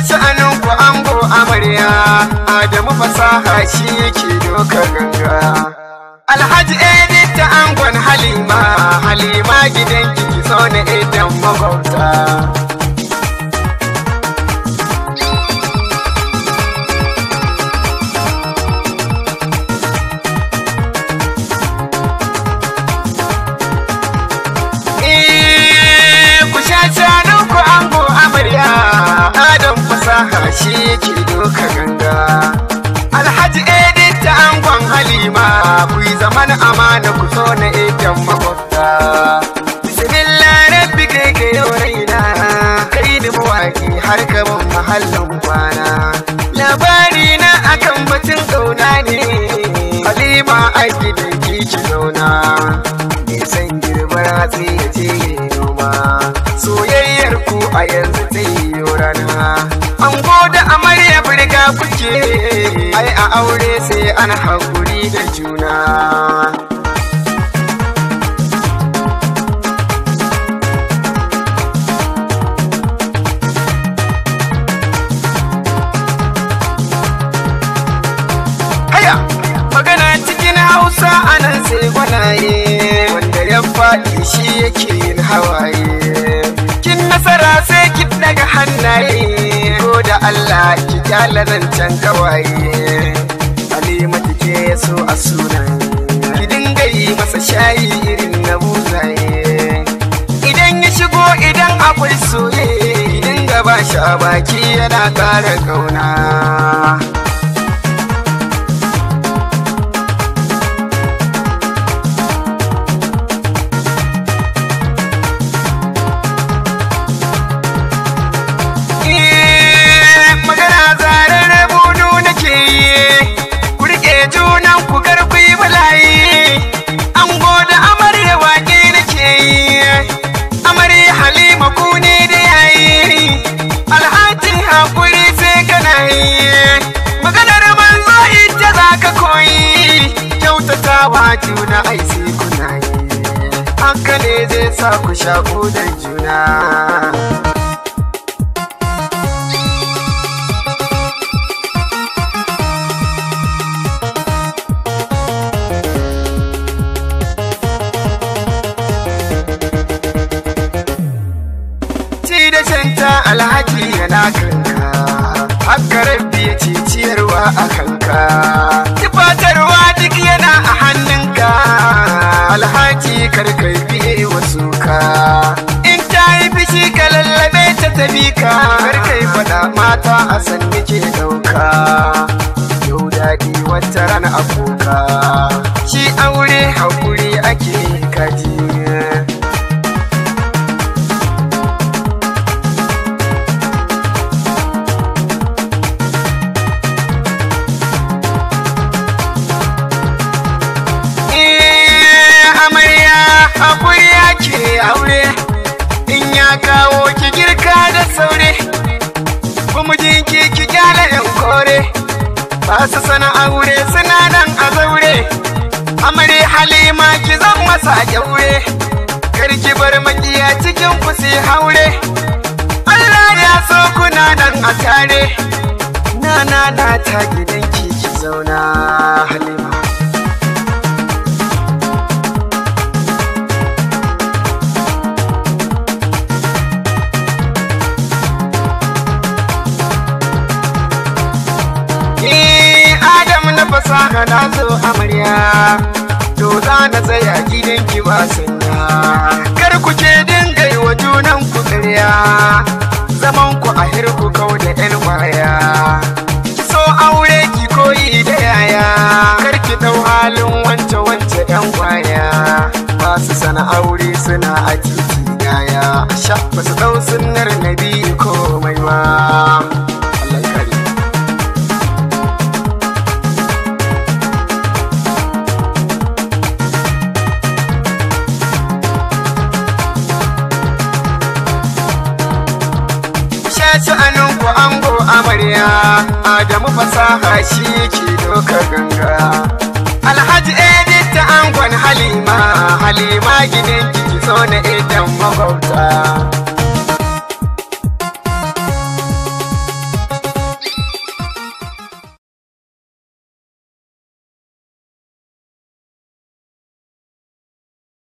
sha'anin ku ango amarya adamu fasaha shi yake dokar ganga alhaji edita angon halima halima gidan ki zo idan magauta ke doka ganga alhaji edit ta angon halima ku yi zaman amana ku so na etan makwabta bismillah rabbi kai ka yau raina kai ni mawaki har kamar mahallin kwana labari na akan batun zauna ne halima a gidan kici zauna nisan girbar hatsi ya ce noma soyayyar ku a yanzu zai yi rana an goda a ƙarshe ai a aure sai an haƙuri da juna magana cikin Hausa anan sai gwanaye wanda ya faɗi shi yake yin hawaye kin nasara sai kin daga hannaye Allah ki kyala zancen gawaye Halimatu ke so a suna ki dinga yi masa shayi irin na buzaye idan ya shigo idan akwai soye ki dinga ba shi a baki yana kara kauna ba juna aisi sai kuna yi haka ne zai sa ku shaƙo da juna Ci da alhaji yana kanka, haka rabbi ya ciciyarwa a kanka. ta bi ka kai faɗa mata a san nake ɗauka yau daɗi wata rana aboka shi aure hakuri ake kaji eh, amarya akwai yake aure in ya kawo masu sana aure suna nan a zaure amare halima ki zan masa kyaure karki bar makiya cikin ku sai haure Allah ya so kuna nan a tare na na na ta gidan sa na nazo amarya to za na tsaya gidan ki ba sanya kar ku ce dinga yi wa junan ku tsariya zaman ku a hirku kawo da yan Ki so aure ki koyi da yaya kar ki dau halin wance wance yan Ba su sana aure suna a titi yaya sha ba su dau sunnar nabi komai ba amarya adamu fasaha shi ke doka ganga alhaji edita angon halima halima gidan ki so na idan magauta